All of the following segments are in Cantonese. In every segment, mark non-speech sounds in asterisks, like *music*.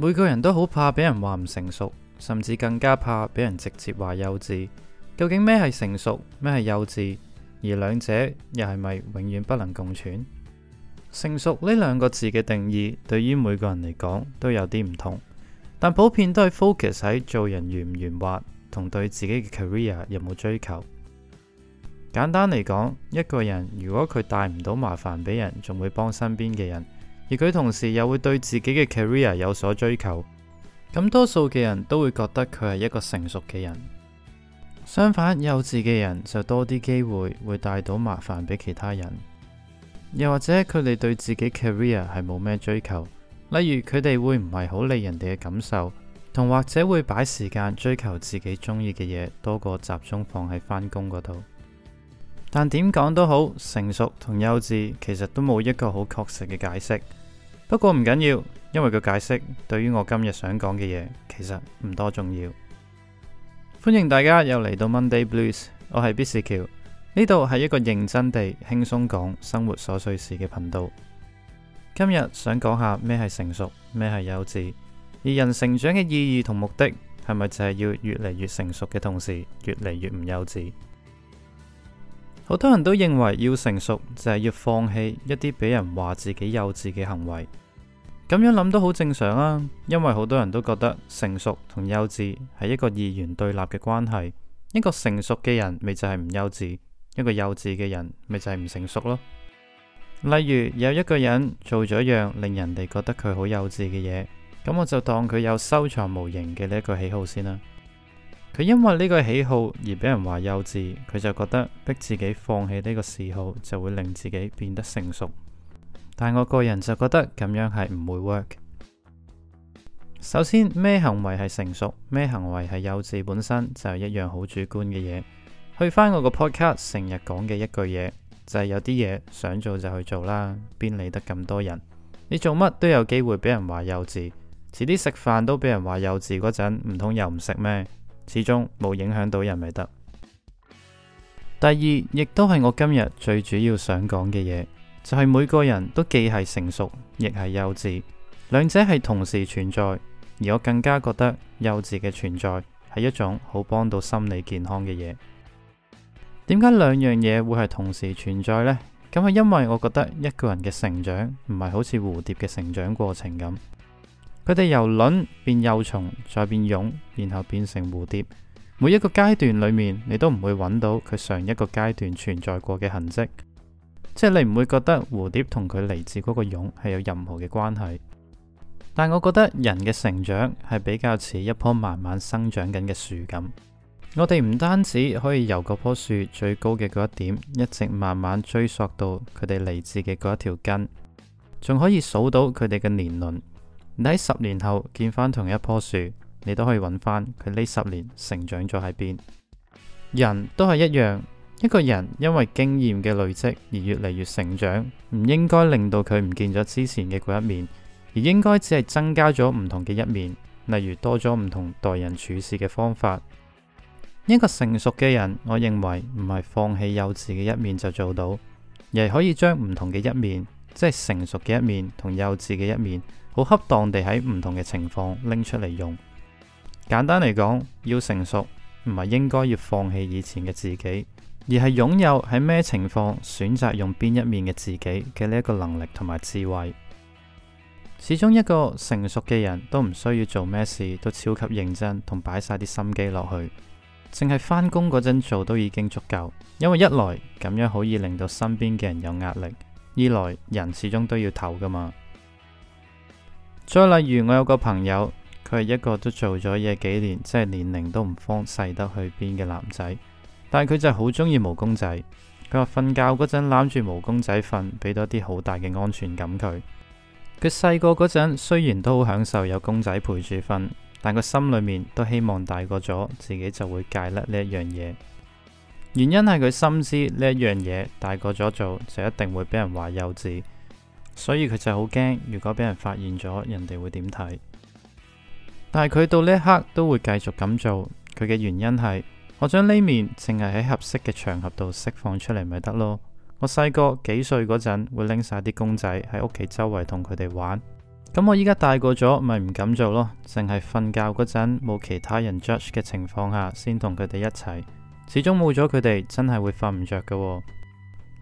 每個人都好怕俾人話唔成熟，甚至更加怕俾人直接話幼稚。究竟咩係成熟，咩係幼稚，而兩者又係咪永遠不能共存？成熟呢兩個字嘅定義，對於每個人嚟講都有啲唔同，但普遍都係 focus 喺做人圓唔圓滑同對自己嘅 career 有冇追求。簡單嚟講，一個人如果佢帶唔到麻煩俾人，仲會幫身邊嘅人。而佢同時又會對自己嘅 career 有所追求，咁多數嘅人都會覺得佢係一個成熟嘅人。相反，幼稚嘅人就多啲機會會帶到麻煩俾其他人。又或者佢哋對自己 career 係冇咩追求，例如佢哋會唔係好理人哋嘅感受，同或者會擺時間追求自己中意嘅嘢，多過集中放喺翻工嗰度但點講都好，成熟同幼稚其實都冇一個好確實嘅解釋。不過唔緊要，因為個解釋對於我今日想講嘅嘢，其實唔多重要。歡迎大家又嚟到 Monday Blues，我係 Bis 橋呢度係一個認真地輕鬆講生活瑣碎事嘅頻道。今日想講下咩係成熟，咩係幼稚，而人成長嘅意義同目的係咪就係要越嚟越成熟嘅同時，越嚟越唔幼稚？好多人都認為要成熟就係要放棄一啲俾人話自己幼稚嘅行為，咁樣諗都好正常啊，因為好多人都覺得成熟同幼稚係一個二元對立嘅關係，一個成熟嘅人咪就係唔幼稚，一個幼稚嘅人咪就係唔成熟咯。例如有一個人做咗樣令人哋覺得佢好幼稚嘅嘢，咁我就當佢有收藏模型嘅呢一個喜好先啦。佢因為呢個喜好而俾人話幼稚，佢就覺得逼自己放棄呢個嗜好就會令自己變得成熟。但我個人就覺得咁樣係唔會 work。首先咩行為係成熟，咩行為係幼稚，本身就係一樣好主觀嘅嘢。去翻我個 podcast 成日講嘅一句嘢就係有啲嘢想做就去做啦，邊理得咁多人？你做乜都有機會俾人話幼稚，遲啲食飯都俾人話幼稚嗰陣，唔通又唔食咩？始終冇影響到人咪得。第二，亦都係我今日最主要想講嘅嘢，就係每個人都既係成熟，亦係幼稚，兩者係同時存在。而我更加覺得幼稚嘅存在係一種好幫到心理健康嘅嘢。點解兩樣嘢會係同時存在呢？咁係因為我覺得一個人嘅成長唔係好似蝴蝶嘅成長過程咁。佢哋由卵變幼蟲，再變蛹，然後變成蝴蝶。每一個階段裏面，你都唔會揾到佢上一個階段存在過嘅痕跡，即係你唔會覺得蝴蝶同佢嚟自嗰個蛹係有任何嘅關係。但我覺得人嘅成長係比較似一棵慢慢生長緊嘅樹咁。我哋唔單止可以由嗰棵樹最高嘅嗰一點，一直慢慢追溯到佢哋嚟自嘅嗰一條根，仲可以數到佢哋嘅年輪。你喺十年後見翻同一棵樹，你都可以揾翻佢呢十年成長咗喺邊。人都係一樣，一個人因為經驗嘅累積而越嚟越成長，唔應該令到佢唔見咗之前嘅嗰一面，而應該只係增加咗唔同嘅一面，例如多咗唔同待人處事嘅方法。一個成熟嘅人，我認為唔係放棄幼稚嘅一面就做到，而係可以將唔同嘅一面，即係成熟嘅一面同幼稚嘅一面。好恰當地喺唔同嘅情況拎出嚟用。簡單嚟講，要成熟，唔係應該要放棄以前嘅自己，而係擁有喺咩情況選擇用邊一面嘅自己嘅呢一個能力同埋智慧。始終一個成熟嘅人都唔需要做咩事，都超級認真同擺晒啲心機落去，淨係翻工嗰陣做都已經足夠。因為一來咁樣可以令到身邊嘅人有壓力，二來人始終都要唞噶嘛。再例如，我有個朋友，佢係一個都做咗嘢幾年，即係年齡都唔方細得去邊嘅男仔，但係佢就好中意毛公仔。佢話瞓覺嗰陣攬住毛公仔瞓，俾到啲好大嘅安全感佢。佢細個嗰陣雖然都好享受有公仔陪住瞓，但佢心裏面都希望大個咗自己就會戒甩呢一樣嘢。原因係佢深知呢一樣嘢大個咗做就一定會俾人話幼稚。所以佢就好驚，如果俾人發現咗，人哋會點睇？但係佢到呢一刻都會繼續咁做，佢嘅原因係，我將呢面淨係喺合適嘅場合度釋放出嚟咪得咯。我細個幾歲嗰陣會拎晒啲公仔喺屋企周圍同佢哋玩，咁我依家大個咗，咪唔敢做咯，淨係瞓覺嗰陣冇其他人 judge 嘅情況下，先同佢哋一齊。始終冇咗佢哋，真係會瞓唔着㗎。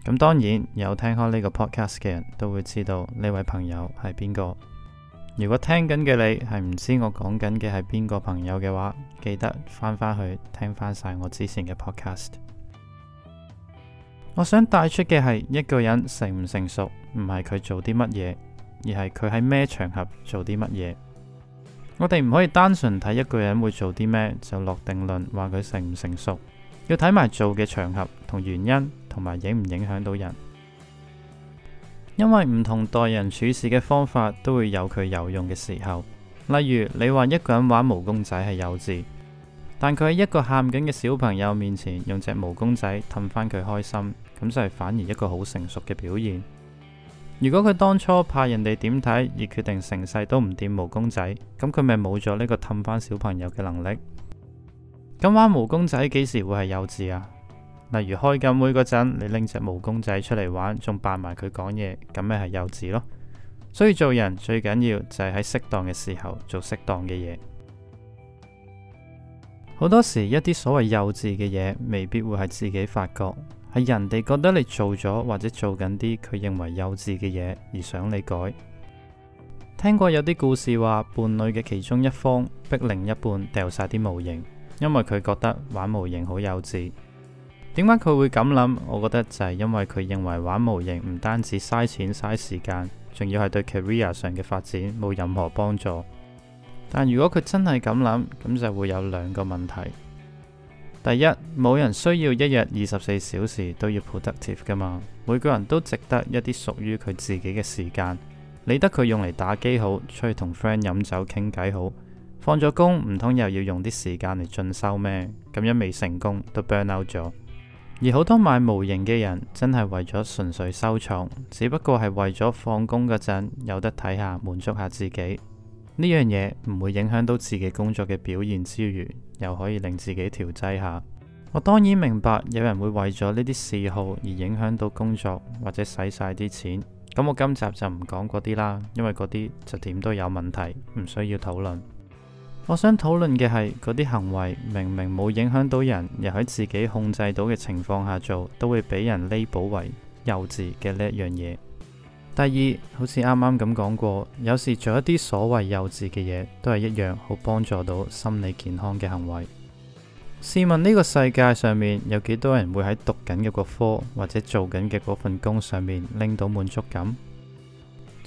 咁當然有聽開呢個 podcast 嘅人都會知道呢位朋友係邊個。如果聽緊嘅你係唔知我講緊嘅係邊個朋友嘅話，記得翻返去聽翻晒我之前嘅 podcast。 *noise* 我想帶出嘅係一個人成唔成熟，唔係佢做啲乜嘢，而係佢喺咩場合做啲乜嘢。我哋唔可以單純睇一個人會做啲咩，就落定論話佢成唔成熟。要睇埋做嘅場合同原因，同埋影唔影響到人。因為唔同待人處事嘅方法都會有佢有用嘅時候。例如你話一個人玩毛公仔係幼稚，但佢喺一個喊緊嘅小朋友面前用隻毛公仔氹返佢開心，咁就係反而一個好成熟嘅表現。如果佢當初怕人哋點睇而決定成世都唔掂毛公仔，咁佢咪冇咗呢個氹返小朋友嘅能力。咁玩毛公仔幾時會係幼稚啊？例如開緊會嗰陣，你拎隻毛公仔出嚟玩，仲扮埋佢講嘢，咁咪係幼稚咯。所以做人最緊要就係喺適當嘅時候做適當嘅嘢。好多時一啲所謂幼稚嘅嘢，未必會係自己發覺，係人哋覺得你做咗或者做緊啲佢認為幼稚嘅嘢而想你改。聽過有啲故事話，伴侶嘅其中一方逼另一半掉晒啲模型。因為佢覺得玩模型好幼稚，點解佢會咁諗？我覺得就係因為佢認為玩模型唔單止嘥錢嘥時間，仲要係對 career 上嘅發展冇任何幫助。但如果佢真係咁諗，咁就會有兩個問題：第一，冇人需要一日二十四小時都要 productive 噶嘛？每個人都值得一啲屬於佢自己嘅時間，理得佢用嚟打機好，出去同 friend 飲酒傾偈好。放咗工唔通又要用啲時間嚟進修咩？咁樣未成功都 burn out 咗。而好多買模型嘅人真係為咗純粹收藏，只不過係為咗放工嗰陣有得睇下，滿足下自己。呢樣嘢唔會影響到自己工作嘅表現之餘，又可以令自己調劑下。我當然明白有人會為咗呢啲嗜好而影響到工作，或者使晒啲錢。咁我今集就唔講嗰啲啦，因為嗰啲就點都有問題，唔需要討論。我想討論嘅係嗰啲行為，明明冇影響到人，又喺自己控制到嘅情況下做，都會俾人 label 為幼稚嘅呢一樣嘢。第二，好似啱啱咁講過，有時做一啲所謂幼稚嘅嘢，都係一樣好幫助到心理健康嘅行為。試問呢個世界上面有幾多人會喺讀緊嘅個科或者做緊嘅嗰份工上面拎到滿足感？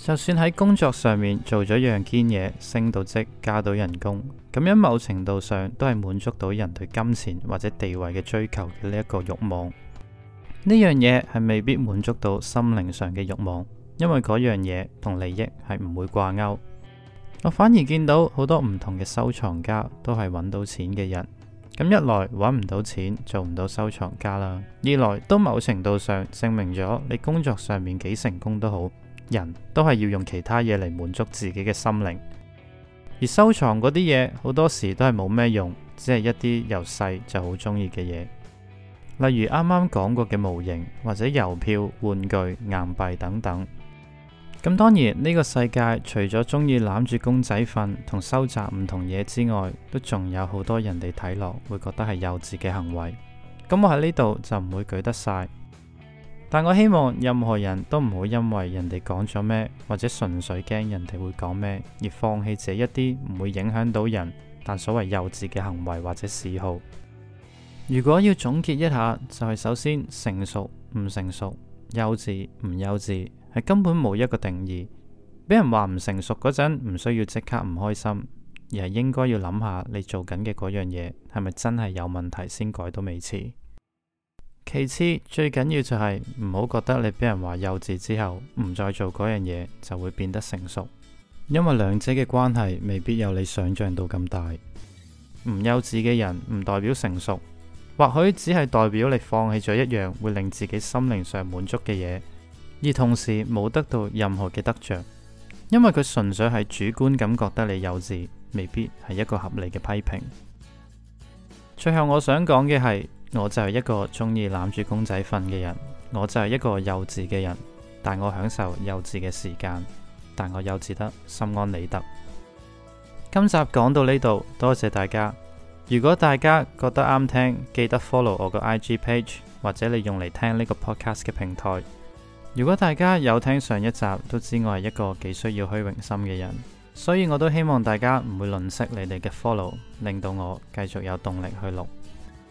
就算喺工作上面做咗樣堅嘢，升到職，加到人工，咁樣某程度上都係滿足到人對金錢或者地位嘅追求嘅呢一個慾望。呢樣嘢係未必滿足到心靈上嘅慾望，因為嗰樣嘢同利益係唔會掛鈎。我反而見到好多唔同嘅收藏家都係揾到錢嘅人，咁一來揾唔到錢做唔到收藏家啦，二來都某程度上證明咗你工作上面幾成功都好。人都係要用其他嘢嚟滿足自己嘅心靈，而收藏嗰啲嘢好多時都係冇咩用，只係一啲由細就好中意嘅嘢，例如啱啱講過嘅模型或者郵票、玩具、硬幣等等。咁當然呢個世界除咗中意攬住公仔瞓同收集唔同嘢之外，都仲有好多人哋睇落會覺得係幼稚嘅行為。咁我喺呢度就唔會舉得晒。但我希望任何人都唔好因為人哋講咗咩，或者純粹驚人哋會講咩而放棄這一啲唔會影響到人，但所謂幼稚嘅行為或者嗜好。如果要總結一下，就係首先成熟唔成熟、幼稚唔幼稚，係根本冇一個定義。俾人話唔成熟嗰陣，唔需要即刻唔開心，而係應該要諗下你做緊嘅嗰樣嘢係咪真係有問題先改都未遲。其次，最緊要就係唔好覺得你俾人話幼稚之後，唔再做嗰樣嘢，就會變得成熟，因為兩者嘅關係未必有你想象到咁大。唔幼稚嘅人唔代表成熟，或許只係代表你放棄咗一樣會令自己心靈上滿足嘅嘢，而同時冇得到任何嘅得着，因為佢純粹係主觀咁覺得你幼稚，未必係一個合理嘅批評。最後我想講嘅係，我就係一個中意攬住公仔瞓嘅人，我就係一個幼稚嘅人，但我享受幼稚嘅時間，但我幼稚得心安理得。今集講到呢度，多謝大家。如果大家覺得啱聽，記得 follow 我個 IG page，或者你用嚟聽呢個 podcast 嘅平台。如果大家有聽上一集，都知我係一個幾需要虛榮心嘅人，所以我都希望大家唔會吝嗇你哋嘅 follow，令到我繼續有動力去錄。